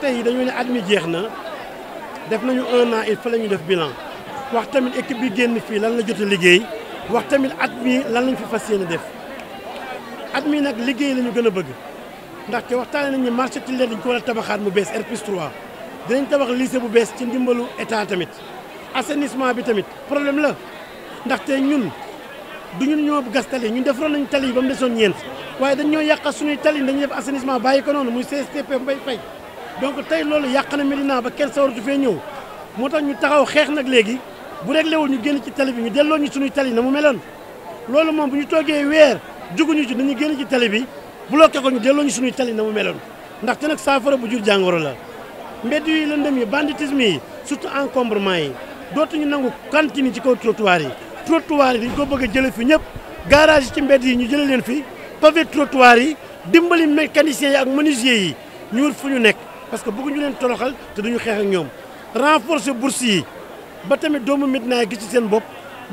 tey dañu ne at mi jeex na def nañu un an il fa la def bilan wax tamit équipe bi génn fii lan la jot a liggéey wax tamit at mi lan lañ fi fas yéene def at mi nag liggéey la ñu gën a bëgg ndaxte waxtaane nañu marché Tilène dañ ko war a tabaxaat mu bees R plus 3 dinañ tabax lycée bu bees ci ndimbalu état tamit assainissement bi tamit problème la ndaxte ñun du ñun ñoo gas tali ñun defaroon nañu tali yi ba mu desoon ñeent waaye dañ ñoo yàqa suñuy tali dañuy def assainissement bàyyi ko noonu muy CSTP mbay fay donc tey loolu yàq na Médina ba kenn sawaratu fee ñëw moo tax ñu taxaw xeex nag léegi bu réglé wul ñu génn ci tali bi ñu delloo ñu suñuy tali na mu meloon loolu moom bu ñu toogee weer juguñu ci nañu génn ci tali bi bloqué ko ñu delloo ñu suñuy tali na mu meloon ndaxte nag saafara bu jur jàngoro la mbedd yi lëndëm yi banditisme yi surtout encombrement yi dootuñu nangu cantine ci kaw trottoir yi trottoir yi dañ ko bëgg a jële fi ñëpp garage yi ci mbedd yi ñu jële leen fi pavé trottoir yi dimbali mécaniciens ak menuisiers yi ñu fu ñu nekk parce que bëgguñu leen toroxal te duñu xeex ak ñoom renforcer bourse yi ba tamit doomu Médina gis ci seen bopp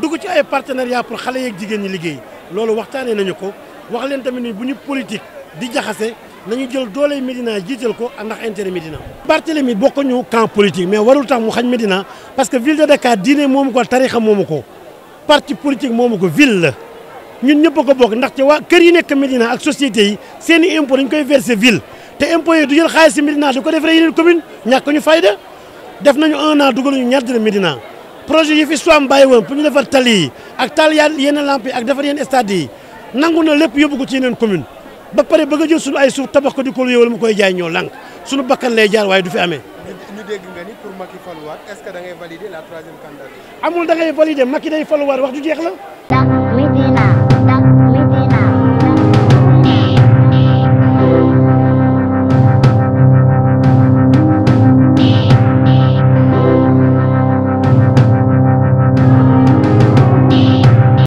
dugg ci ay partenariat pour xale yeeg jigéen ñi liggéey C'est ce que ko wax leen tamit ni bu ñu politique di jaxase nañu jël dooley Médina jiital ko ndax intérêt Médina. Barthélemy bokkuñu camp politique mais warul tax mu xañ Médina parce que ville de Dakar diine moomu ko tarixa parti politique moomu ko ville la ñun ñëpp a ko bokk ndaxte waa kër yi nekk Médina ak société yi seen impôt dañ koy verser ville. té impôts du jël xaliss medina diko def ko commune ñak ñu fayda def nañu 1 an dugul ñu ñaar dërëm Médina projet yi fi soam baye woon pour ñu defal tali ak tal ya yene lampe ak defal yene stade yi nanguna lepp lépp ko ci yeneen commune ba paré bëgg jël suñu ay suuf tabax ko diko ko wala mu koy jaay ñoo lank suñu bakkan lay jaar waaye du fi amé ñu dégg nga ni pour Macky Fall faluwaat est-ce que da ngay valider la troisième candidature amul da ngay valider Macky day Fall faluwaat wax du jeex la